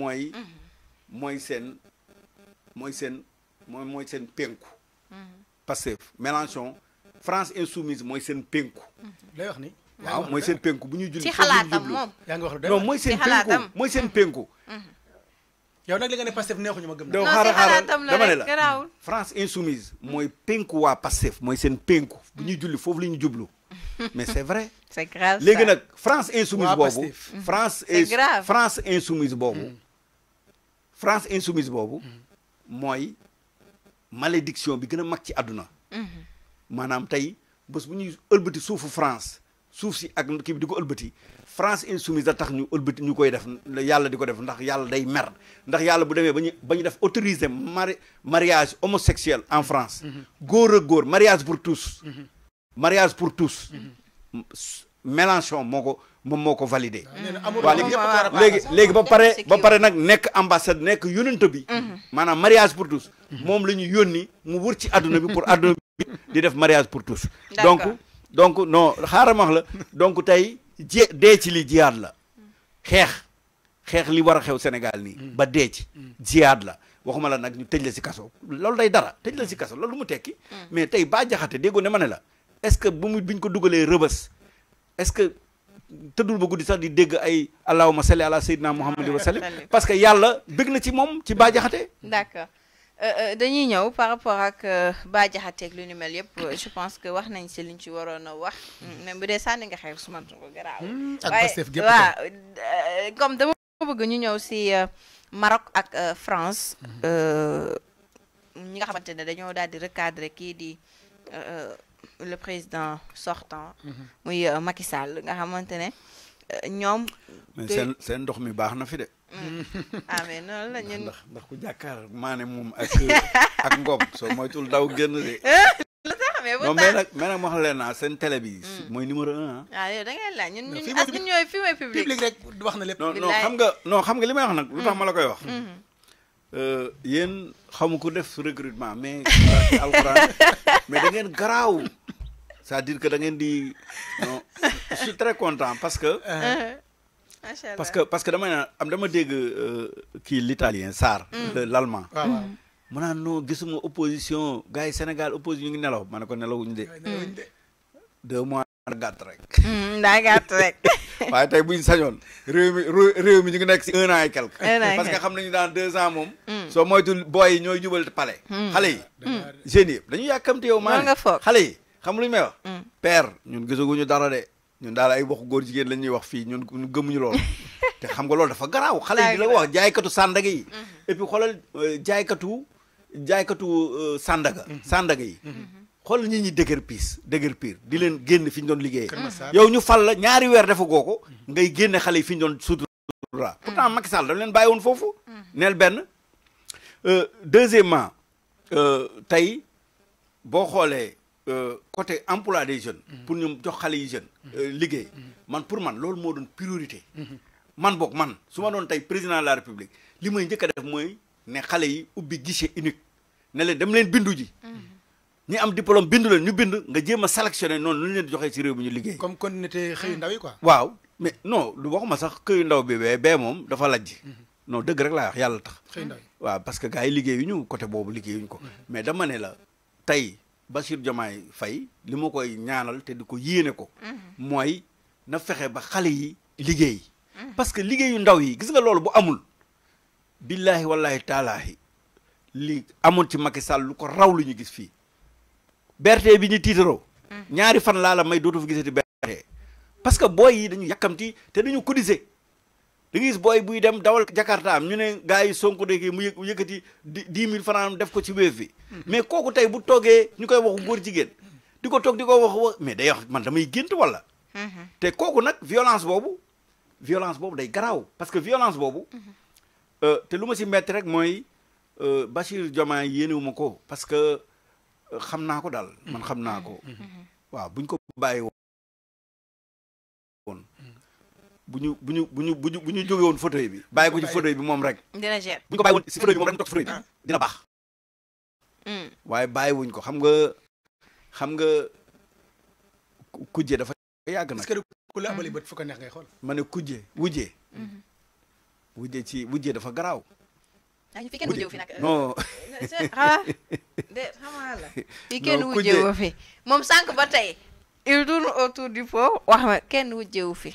moy moy sen moy sen moy moy sen penku. Mhm. Pastef Mélenchon France insoumise moy sen penku. Mhm. lay wax ni. waaw moy sen penku buñu ñuy julli. ci xalaatam mom yaa ngi wax lu non moy sen penku moy sen penku. Mhm. yow nak li nga ne passef neexuñu ñuma gëm. do ci xalaatam la rek garaawul France insoumise moy penku wa passef moy sen penku buñu julli fofu la ñu jublu. mais c'est vrai. c'est grave légui nak France insoumise boobu. France France insoumise boobu. France insoumise Bobu, moy malédiction bi gëna mag ci aduna manam mm-hmm. tay bu France souf si ak ki bi France insoumise tax ñu ëlbeuti ñu koy def Yalla diko day mer ndax bu mariage homosexuel en France. Mm-hmm. Gore ak mariage pour tous. Mm-hmm. mariage pour tous. Mélenchon moo ko moom moo ko validé. Ah. waaw léegi léegi ba pare ba pare nag nekk ambassade nekk yónnante bi. Mhm. maanaam mariage pour tous. Mhm. moom la ñu yónni mu wër ci àdduna bi pour àdduna bi di def mariage pour tous. donc donc non xaaral ma wax la donc tey jé dee ci li jiyaat la xeex xeex li war a xew Sénégal nii. Mhm. ba dee ci jiyaat la. waxuma la nag ñu tëj la si kaso loolu day dara tëj la si kaso loolu mu tekki. mais tey Bah Diakhaté déggoo ne ma ne la est-ce que bu mu biñ ko dugalee rëbës. est-ce que tëddul ba guddi sax di dégg ay allahumma salli ala sayyidina muhammadin wa parce que yàlla bëgg na ci moom ci Bah Diakhaté euh, euh, dañuy ñëw par rapport ak euh, Bah ak lu ni mel yëpp je pense que wax nañ si liñ ci waroon a wax même bu dee sànni nga xeer su man ko garaaw hmm, waaw comme dama bëgg ñu ñëw si Maroc ak France hmm. ñi nga xamante ne dañoo daal di recadrer kii di le président sortant. oui, mhm. euh, Macky Sall nga xamante ne euh, ñoom. sen sen ndox mi baax fi de. Mm. ah mais non la ñun. ndax ndax ku jàkkaar mané mom ak ak ak so moy tul daw génn de. la tax mais bu mais nag mais nag ma wax leen sen seen télé bi. Mm. mooy numéro un ah. ah yow da ngay la ñun ñun ak ñoy fi mooy public. public rek wax na lepp non non xam nga non xam nga limay wax nak lu tax ma la koy wax. Mm-hmm. Euh, yéen xamu ko def recrutement mais alxuraan mais dangeen ngeen garaaw cest dire que da ngeen di non je suis très parce que. Ah. Euh, macha parce que parce que damay am dama dégg euh, kii l'italien Sarr. Mm. l'allemand. Ah, mu naan non gisuma opposition gars yi Sénégal opposition ñu ngi nelaw ma ne ko nelawuñu de. deux mois. Mm, daa gàtt rek. daa gàtt rek. waaye tey bu ñu sañoon réew mi réew mi ñu nekk si un an et quelque. parce que xam nañu dans deux ans moom. Mm. soo moytul booy yi ñooy jubal pale. Mm. xale yi. jeunes yi dañu yàkkamte yow. maa nga foog xale yi xam lu ñu may wax. père ñun gisaguñu dara de ñun daal ay waxu góor jigéen la ñuy wax fii ñun gëmuñu loolu. te xam nga lool dafa garaaw xale yi la wax jaaykatu sàndaga yi. Mm-hmm. et puis xoolal euh, jaaykatu jaaykatu euh, sàndaga. Mm-hmm. sàndaga yi. Mm-hmm. xool nit ñi dëgër piis dëgër piir di leen génn fi ñu doon liggéeyee yow ñu fal la ñaari weer defa goo ngay génne xale yi fi ñu doon sutura mm. pourtant Macky Sall dañ leen bàyyi woon foofu mm. neel benn euh, deuxièmement euh, tey boo xoolee euh, côté emploi des jeunes mm. pour ñu jox xale yi jeune liggéey man pour man loolu moo doon priorité man boog man su ma doon tey président la république li may njëkk def mooy ne xale yi ubbi guichet unique ne leen dem leen bindu ji ñi am diplôme bindu leen ñu bind nga jéem a sélectionné noonu lu ñu leen di joxee ci réew mi ñu liggéey. comme kon nite xëyu ndaw yi sax xëyu ndaw bi bee bee moom dafa lajj. Mhm. noo dëgg rek laa yalla yàlla tax. xëy ndaw waaw parce que gars yi liggéeyuñu côté boobu liggéeyuñu ko. Mhm. mais dama ne la tey Bassirou Diomaye Faye li ma koy ñaanal te di ko yéene ko. Mhm. mooy na fexe ba xale yi liggéey. parce que liggéeyu ndaw yi gis nga loolu bu amul. billaahi wallaahi taalaahi li amoon ci Macky Sall lu ko raw lu ñu gis fii berte bi ñu tiitaroo ñaari fan laa la may dootu fa gisati berte parce que booy yi dañu yàkkamti te dañu cotiser da nga gis booy buy dem dawal jakarta am ñu ne gars yi de kii mu yë yëkkati dix mille francs def ko ci wéef bi mais kooku tey bu toogee ñu koy waxu góor jigéen di ko toog di ko wax wax mais day wax man damay gént wala te kooku nag violence boobu violence boobu day garaaw parce violence boobu euh, te lu ma si metti rek mooy euh, Bachir Diomaye yéenewuma ko xam naa ko daal mm-hmm. man xam naa ko mm-hmm. Mm-hmm. waaw buñ ko bàyyi woon bu ñu bu ñu bu ñu bu ñu bu ñu jóge woon fauteuil bi bàyyi ko ci fauteuil bi moom rek dina ger bu ñu ko bàyyi woon si fauteuil bi moom rek mu toog fauteuil bi ah. dina baax mm. waaye bàyyi wuñ ko xam nga xam nga kujje dafa yàgg nag ku la abali bët fu ko neex ngay xool ma ne kujje wujje wujje ci wujje dafa garaaw ah fi kenn wujjee fi nag. non ah de xamal la. fi kenn fi moom sànq ba tey. il tourne autour du pot wax ma kenn wujjee fi.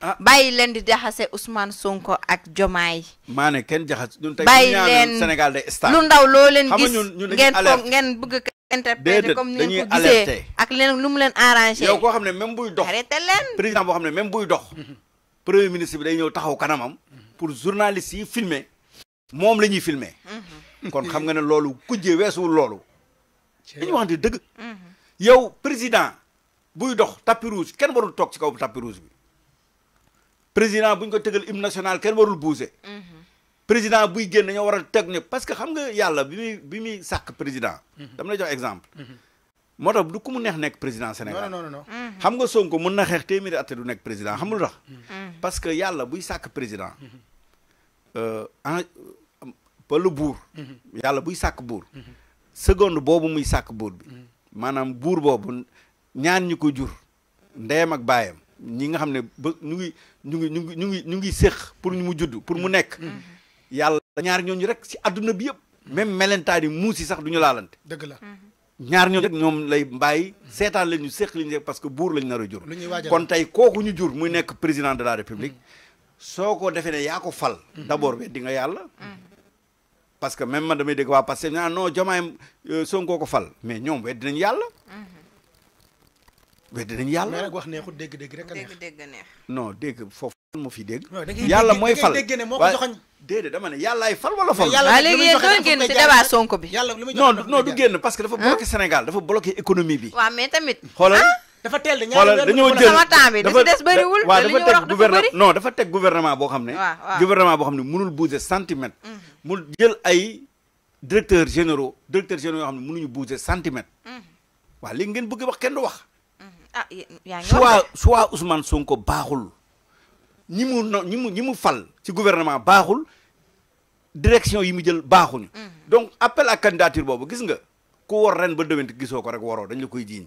ah bàyyi leen di jaxase Ousmane Sonko ak Jomaay. maa ne kenn jaxase ñun tey ñaanal Sénégal day star lu ndaw loo leen gis ngeen foog ngeen bëgg a. interpréter comme ni ngeen ko ak leen lu mu leen arrangé. yow koo xam ne même buy dox arrêté leen. boo xam ne même buy dox. premier ministre bi day ñëw taxaw kanamam. pour journaliste yi filmer. moom la ñuy filmer mm-hmm. kon xam nga ne loolu kujje weesuwul loolu dañu wax di dëgg mm-hmm. yow président buy dox tapis rouge kenn warul toog ci kaw tapis rouge bi président buñ ko tëgal hymne national kenn warul bouger mm-hmm. président buy génn dañoo war a teg ne parce que xam nga yàlla bi muy bi muy sàkk président dama lay jox exemple moo tax du ku mu neex nekk président Sénégal non non non xam nga Sonko mën na xeex téeméeri at du nekk président xam nga lu tax parce que yàlla buy sàkk président Euh, en ba euh, lu buur mm-hmm. yàlla buy sàkk buur mm-hmm. seconde boobu muy sàkk buur bi mm-hmm. maanaam buur boobu ñaan ñu ko jur ndeyam ak baayam ñi nga xam ne ba ñu ngi ñu ngi ñu ngi ñu ngi ñu ngi séq pour ñu mu judd pour mu nekk yàlla ñaar ñooñu rek si adduna bi yëpp même melentaan yi muus yi sax du ñu laalante la ñaar ñooñu rek ñoom lay bàyyi seetaan la ñu séq li ñu parce que buur lañ nar a jur kon tey kooku ñu jur muy nekk président de la république soo ko ya ne ko fal d'abord abord weddi nga yalla parce que même man damay dégg wa parce que non jomay euh, Sonko ko fal mais ñom weddi nañ yalla weddi nañ yalla mais nag wax No dégg-dégg rek a neex dégg neex non dégg foofu mo fi dégg yalla moy fal Dede, dama ne ay fal wala fal yalla léegi yéen doon génn ci débat Sonko bi non non du génn parce que dafa bloquer Sénégal dafa bloquer économie bi wa mais tamit xolal dafa teel de ñaari weer dañoo sama temps bi dafa des bëriwul waaw dafa tek gouvernement non dafa teg gouvernement boo xam ne gouvernement boo xam ne mënul bouger centimètre mm-hmm. mu jël ay directeur généraux directeur généraux yoo xam ne mënuñu bouger centimètre mm-hmm. waaw léegi ngeen bëgg wax kenn du wax mm-hmm. ah, soit soit Ousmane Sonko baaxul ñi mu no ñi mu ñi mu fal ci gouvernement baaxul direction yi mu jël baaxuñu donc appel à candidature boobu gis nga ku war ren ba déwén gisoo ko rek waroo dañ la koy jiiñ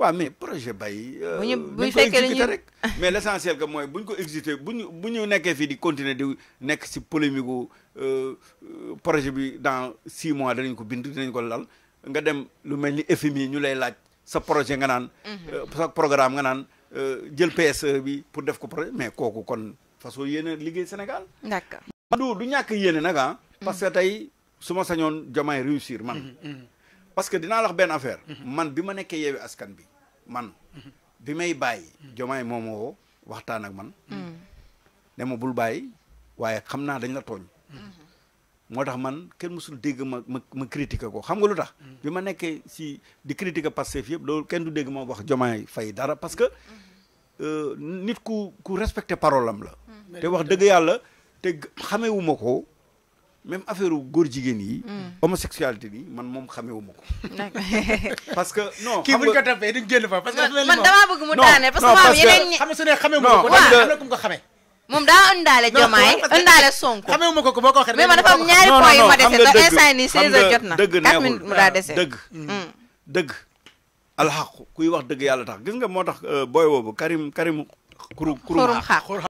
waaw mais projet bay. Euh, bu ñu mais l' essentiel mooy bu ñu ko exécuté bu ñu bu ñu nekkee fii di continuer di nekk si polémique gu euh, projet bi dans six mois danañ ko bind dinañ ko lal nga dem lu mel ni FMI ñu lay laaj sa projet nga naan. Mhm. Euh, sa programme nga naan jël PSE bi pour def ko projet mais kooku kon façon yéene liggéey Sénégal. d' accord du du ñàkk yéene nag a ah. mhm. parce que tey su ma sañoon Diomaye réussir man. Mhm, parce que dinaa la wax benn affaire. Mhm. man bi ma nekkee yeewi askan bi man. Mhm. bi may bàyyi. jomaay moom woo waxtaan ak man. Mhm. ne ma bul bàyyi waaye xam naa dañ la tooñ. moo tax man kenn mësul dégg ma ma ma critiquer ko xam nga lu tax. bi ma nekkee si di critiquer Pastef yëpp loolu kenn du dégg ma wax yi fay dara parce que euh, nit ku ku respecté parole la. te wax dëgg yàlla te xamewuma ko. même affaire góor jigéen yi. Mm. homosexualité bi man moom xamewuma ko. parce que non. kii bu ñu ko toppee duñ génn fa parce que. man damaa bëgg mu daane parce que maam yeneen ñi. xam nga ne ko am na ku ko xamee. moom daa ëndaale jomaay ko ko boo ko waxee dafa am ñaari point ma dese ndax instant nii 16 a jot na. dëgg neexul mu daa dese dëgg. Mm. dëgg alxaqu kuy wax dëgg yàlla tax gis nga moo tax euh, booy boobu Karim Karim. xurum xurum xaq